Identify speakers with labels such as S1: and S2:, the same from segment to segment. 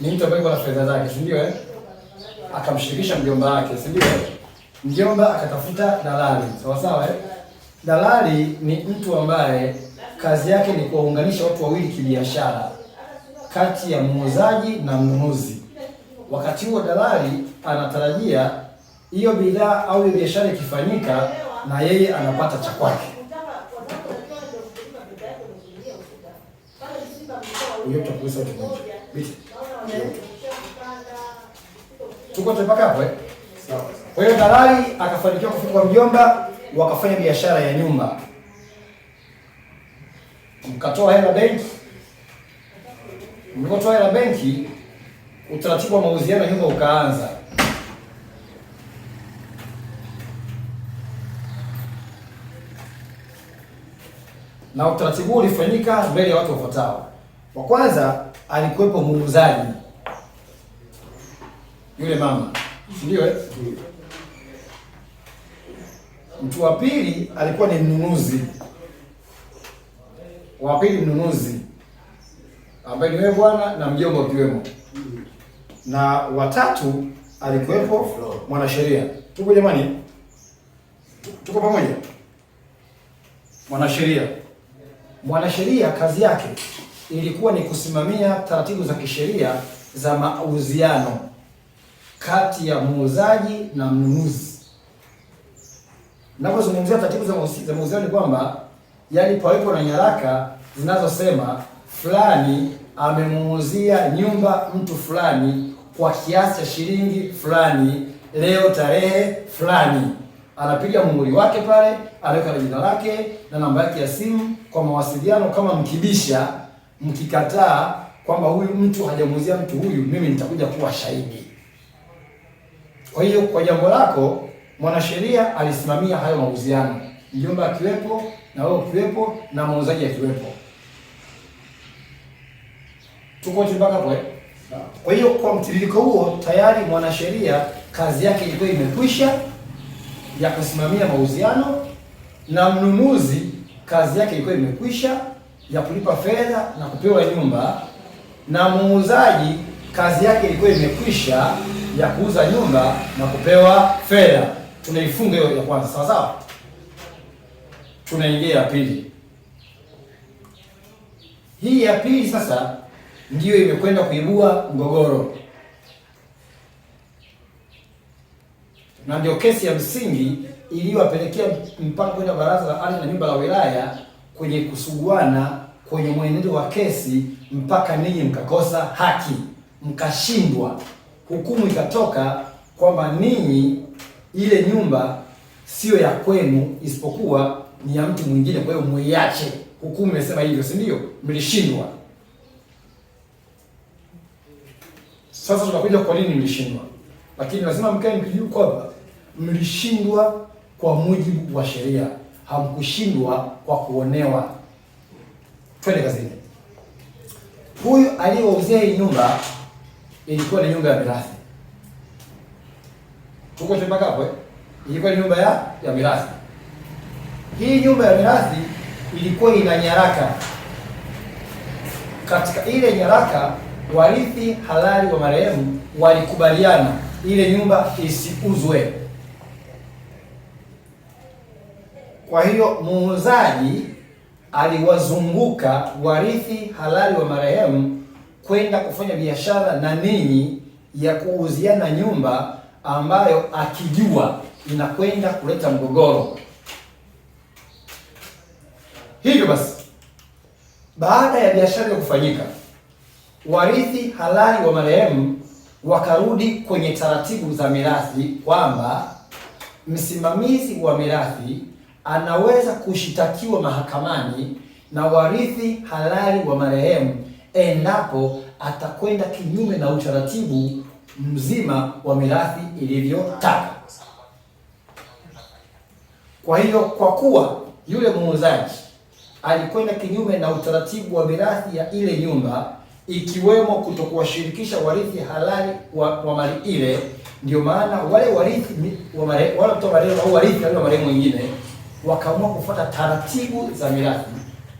S1: ni mtu ambaye yuko fedha zake, si ndio eh? Akamshirikisha mjomba wake, si ndio? Mjomba akatafuta dalali, sawa sawa eh? Dalali ni mtu ambaye kazi yake ni kuwaunganisha watu wawili kibiashara, kati ya muuzaji na mnunuzi. Wakati huo dalali anatarajia hiyo bidhaa au hiyo biashara ikifanyika, na yeye anapata cha kwake. Tuko tumepaka hapo eh? Kwa hiyo dalali akafanikiwa kufika kwa mjomba, wakafanya biashara ya nyumba, mkatoa hela benki. Mlipotoa hela benki, utaratibu wa mauziano ya nyumba ukaanza. Na utaratibu ulifanyika mbele ya watu wafuatao. Wa kwanza alikuwepo muuzaji yule mama, si ndio? Eh, mtu wa pili alikuwa ni mnunuzi, wa pili mnunuzi, ambaye ni wewe bwana na mjomba ukiwemo, na watatu alikuwepo mwanasheria. Tuko jamani, tuko pamoja? Mwanasheria, mwanasheria kazi yake ilikuwa ni kusimamia taratibu za kisheria za mauziano kati ya muuzaji na mnunuzi. Ninapozungumzia taratibu za muuzaji ni kwamba yani pawepo na nyaraka zinazosema fulani amemuuzia nyumba mtu fulani kwa kiasi cha shilingi fulani leo tarehe fulani, anapiga muhuri wake pale, anaweka jina lake na namba yake ya simu kwa mawasiliano. Kama mkibisha, mkikataa kwamba huyu mtu hajamuuzia mtu huyu, mimi nitakuja kuwa shahidi. Kwa hiyo kwa jambo lako mwanasheria alisimamia hayo mauziano, mjomba akiwepo na wewe ukiwepo na muuzaji akiwepo. Tuko mpaka hapo eh? Kwa hiyo kwa mtiririko huo tayari mwanasheria kazi yake ilikuwa imekwisha ya kusimamia mauziano, na mnunuzi kazi yake ilikuwa imekwisha ya kulipa fedha na kupewa nyumba, na muuzaji kazi yake ilikuwa imekwisha ya kuuza nyumba na kupewa fedha. Tunaifunga hiyo ya kwanza, sawa sawa. Tunaingia ya pili. Hii ya pili sasa ndiyo imekwenda kuibua mgogoro na ndio kesi ya msingi iliyowapelekea mpaka kwenda Baraza la Ardhi na Nyumba la Wilaya kwenye kusuguana kwenye mwenendo wa kesi mpaka ninyi mkakosa haki mkashindwa hukumu ikatoka kwamba ninyi, ile nyumba siyo ya kwenu, isipokuwa ni ya mtu mwingine, kwa hiyo muiache. Hukumu imesema hivyo, si ndio? Mlishindwa. Sasa tunakuja kwa nini mlishindwa, lakini lazima mkae mkijua kwamba mlishindwa kwa mujibu wa sheria, hamkushindwa kwa kuonewa. Twende kazini. Huyu aliyewauzia hii nyumba ilikuwa ni nyumba ya mirathi. Tuko tumepaka hapo eh? Ilikuwa ni nyumba ya ya mirathi. Hii nyumba ya mirathi ilikuwa ina nyaraka. Katika ile nyaraka, warithi halali wa marehemu walikubaliana ile nyumba isiuzwe. Kwa hiyo muuzaji aliwazunguka warithi halali wa marehemu kwenda kufanya biashara na ninyi ya kuuziana nyumba ambayo akijua inakwenda kuleta mgogoro. Hivyo basi, baada ya biashara hiyo kufanyika, warithi halali wa marehemu wakarudi kwenye taratibu za mirathi kwamba msimamizi wa mirathi anaweza kushitakiwa mahakamani na warithi halali wa marehemu endapo atakwenda kinyume na utaratibu mzima wa mirathi ilivyotaka. Kwa hiyo, kwa kuwa yule muuzaji alikwenda kinyume na utaratibu wa mirathi ya ile nyumba, ikiwemo kutokuwashirikisha warithi halali wa, wa mali ile, ndio maana wale warithi wa wale warithi au warithi wa mali mwingine wakaamua kufuata taratibu za mirathi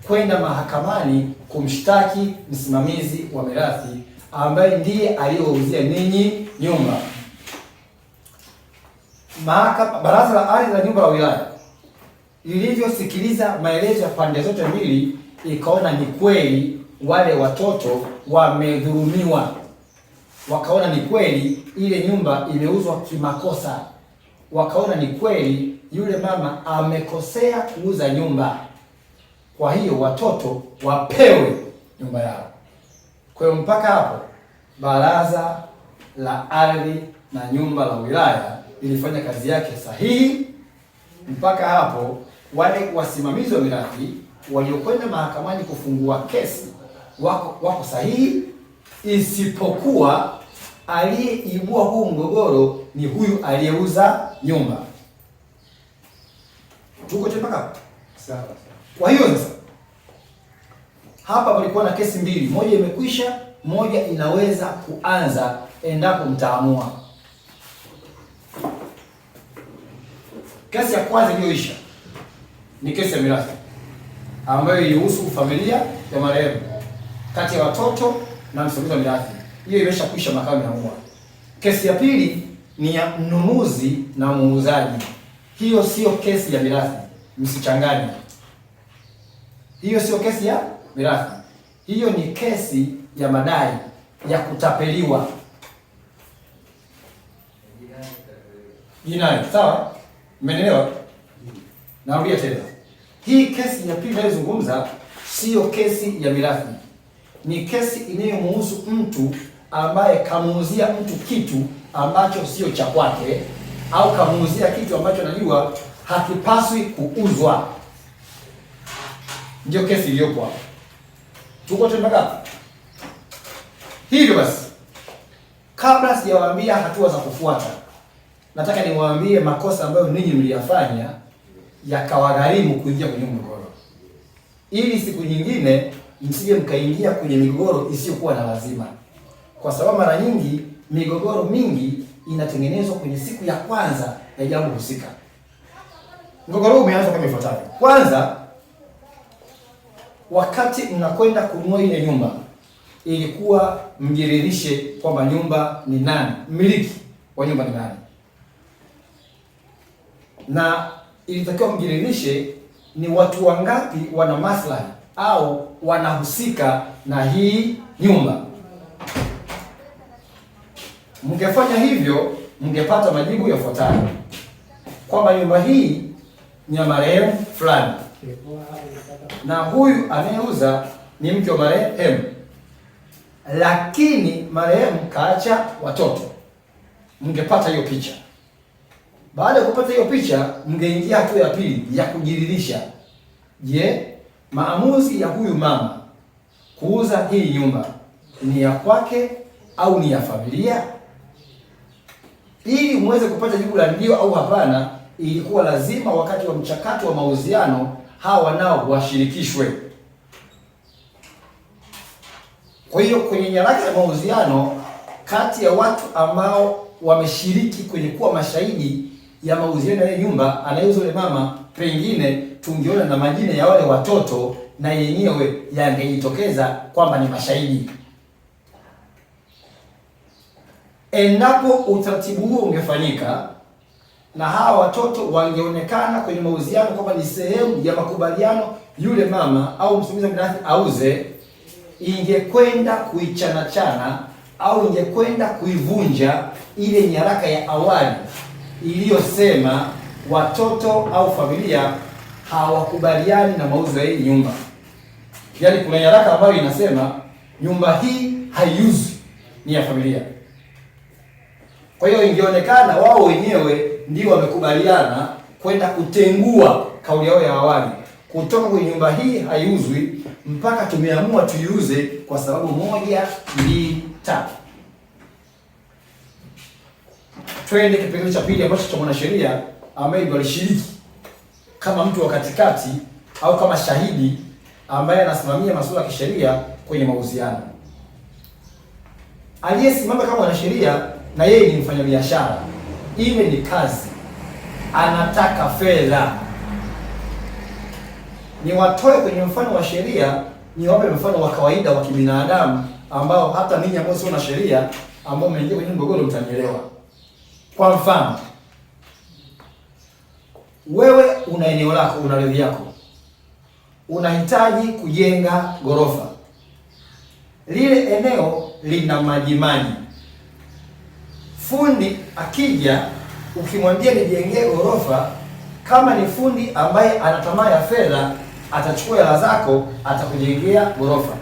S1: kwenda mahakamani kumshtaki msimamizi wa mirathi ambaye ndiye aliyouzia ninyi nyumba. Mahakama, Baraza la Ardhi la Nyumba ya Wilaya lilivyosikiliza maelezo ya pande zote mbili, ikaona ni kweli wale watoto wamedhulumiwa, wakaona ni kweli ile nyumba imeuzwa kimakosa, wakaona ni kweli yule mama amekosea kuuza nyumba kwa hiyo watoto wapewe nyumba yao. Kwa hiyo mpaka hapo baraza la ardhi na nyumba la wilaya lilifanya kazi yake sahihi. Mpaka hapo wale wasimamizi wa mirathi waliokwenda mahakamani kufungua kesi wako, wako sahihi, isipokuwa aliyeibua huu mgogoro ni huyu aliyeuza nyumba. Tuko mpaka sawa? Kwa hiyo sasa hapa palikuwa na kesi mbili, moja imekwisha, moja inaweza kuanza endapo mtaamua. Kesi ya kwanza iliyoisha ni kesi ya mirathi ambayo ilihusu familia ya marehemu kati ya watoto na msimamizi wa mirathi. Hiyo imeshakwisha, mahakama imeamua. Kesi ya pili ni ya mnunuzi na muuzaji. Hiyo sio kesi ya mirathi, msichanganye. Hiyo sio kesi ya mirathi. Hiyo ni kesi ya madai ya kutapeliwa jinai, sawa? Umeelewa? Narudia tena, hii kesi ya pili inayozungumza siyo kesi ya mirathi, ni kesi inayomuhusu mtu ambaye kamuuzia mtu kitu ambacho sio cha kwake au kamuuzia kitu ambacho anajua hakipaswi kuuzwa. ndio kesi iliyopo hapa. Tuko twende Hivyo basi, kabla sijawaambia hatua za kufuata, nataka niwaambie makosa ambayo ninyi mliyafanya yakawagharimu kuingia kwenye mgogoro, ili siku nyingine msije mkaingia kwenye migogoro isiyokuwa na lazima, kwa sababu mara nyingi migogoro mingi inatengenezwa kwenye siku ya kwanza ya jambo husika. Mgogoro umeanza kama ifuatavyo. Kwanza wakati mnakwenda kununua ile nyumba ilikuwa mjiririshe kwamba nyumba ni nani, mmiliki wa nyumba ni nani, na ilitakiwa mjiririshe ni watu wangapi wana maslahi au wanahusika na hii nyumba. Mngefanya hivyo, mngepata majibu yafuatayo kwamba nyumba hii ni ya marehemu fulani na huyu anayeuza ni mke wa marehemu, lakini marehemu kaacha watoto. Mngepata hiyo picha. Baada ya kupata hiyo picha, mngeingia hatua ya pili ya kujiridhisha. Je, maamuzi ya huyu mama kuuza hii nyumba ni ya kwake au ni ya familia? Ili muweze kupata jibu la ndio au hapana, ilikuwa lazima wakati wa mchakato wa mauziano hawa nao washirikishwe. Kwa hiyo kwenye nyaraka ya mauziano kati ya watu ambao wameshiriki kwenye kuwa mashahidi ya mauziano ya nyumba anayeuza yule mama, pengine tungeona na majina ya wale watoto na yenyewe yangejitokeza kwamba ni mashahidi. Endapo utaratibu huo ungefanyika na hawa watoto wangeonekana kwenye mauziano kwamba ni sehemu ya makubaliano, yule mama au msimamizi wa mirathi auze, ingekwenda kuichanachana au ingekwenda kuivunja ile nyaraka ya awali iliyosema watoto au familia hawakubaliani na mauzo ya hii nyumba. Yaani kuna nyaraka ambayo inasema nyumba hii haiuzwi, ni ya familia. Kwa hiyo ingeonekana wao wenyewe ndio wamekubaliana kwenda kutengua kauli yao ya awali kutoka kwenye nyumba hii haiuzwi mpaka tumeamua tuiuze kwa sababu moja, mbili, tatu. Twende kipengele cha pili ambacho cha mwanasheria ambaye ndio alishiriki kama mtu wa katikati au kama shahidi ambaye anasimamia masuala ya kisheria kwenye mahusiano. Aliyesimama kama mwanasheria na yeye ni mfanyabiashara iwe ni kazi, anataka fedha. Niwatoe kwenye mfano wa sheria, niwape mfano wa kawaida wa kibinadamu, ambao hata ninyi ambao sio na sheria, ambao mmeingia kwenye mgogoro, mtanielewa. Kwa mfano, wewe una eneo lako, una ardhi yako, unahitaji kujenga ghorofa. Lile eneo lina majimaji fundi akija ukimwambia nijengee ghorofa, kama ni fundi ambaye ana tamaa ya fedha, atachukua hela zako atakujengea ghorofa.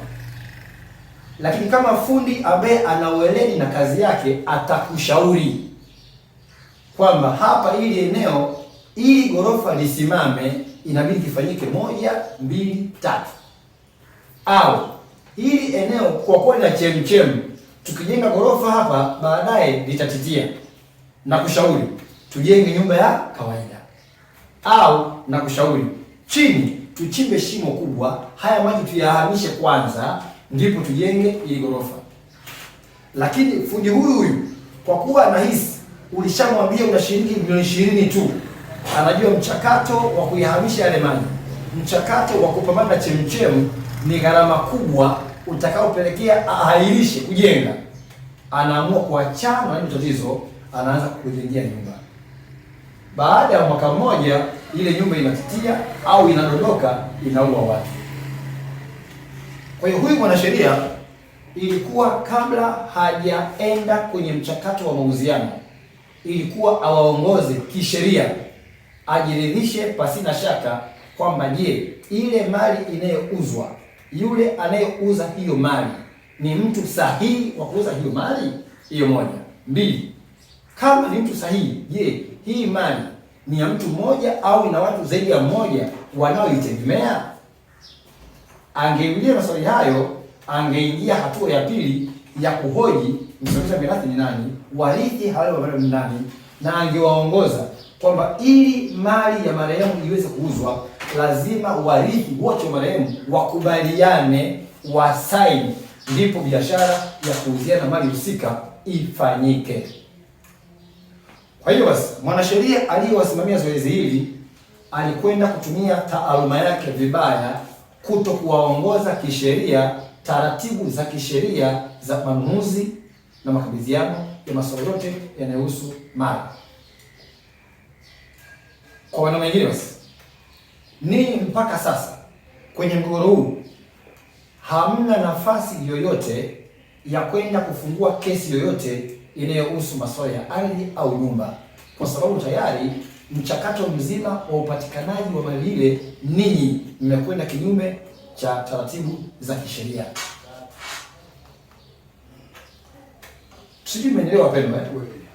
S1: Lakini kama fundi ambaye ana ueledi na kazi yake, atakushauri kwamba hapa, ili eneo ili ghorofa lisimame, inabidi kifanyike moja, mbili, tatu, au hili eneo kwa kuwa na chemchemu tukijenga ghorofa hapa baadaye nitatitia na kushauri tujenge nyumba ya kawaida, au na kushauri chini tuchimbe shimo kubwa, haya maji tuyahamishe kwanza, ndipo tujenge ili ghorofa. Lakini fundi huyu huyu kwa kuwa anahisi ulishamwambia una shilingi milioni ishirini tu, anajua mchakato wa kuyahamisha yale maji, mchakato wa kupambana chemchem ni gharama kubwa utakaopelekea ahairishe kujenga, anaamua kuachana na tatizo, anaanza kujengea nyumba. Baada ya mwaka mmoja, ile nyumba inatitia au inadondoka, inaua watu. Kwa hiyo huyu mwanasheria ilikuwa kabla hajaenda kwenye mchakato wa mauziano, ilikuwa awaongoze kisheria, ajiridhishe pasina shaka kwamba je, ile mali inayouzwa yule anayeuza hiyo mali ni mtu sahihi wa kuuza hiyo mali hiyo. Moja. Mbili, kama ni mtu sahihi, je, hii mali ni ya mtu mmoja au ina watu zaidi ya mmoja wanaoitegemea? Angeulia maswali hayo, angeingia hatua ya pili ya kuhoji msimamizi mirathi ni nani, warithi halali ni nani, na angewaongoza kwamba ili mali ya marehemu iweze kuuzwa lazima warithi wote wa marehemu wakubaliane, wasaini, ndipo biashara ya kuuziana mali husika ifanyike. Kwa hiyo basi, mwanasheria aliyewasimamia zoezi hili alikwenda kutumia taaluma yake vibaya, kuto kuwaongoza kisheria taratibu za kisheria za manunuzi na makabidhiano ya masuala yote yanayohusu mali. Kwa maneno mengine basi ninyi mpaka sasa kwenye mgogoro huu hamna nafasi yoyote ya kwenda kufungua kesi yoyote inayohusu masuala ya ardhi au nyumba, kwa sababu tayari mchakato mzima wa upatikanaji wa mali ile ninyi mmekwenda kinyume cha taratibu za kisheria. Sijui mmenielewa wapendwa. Eh?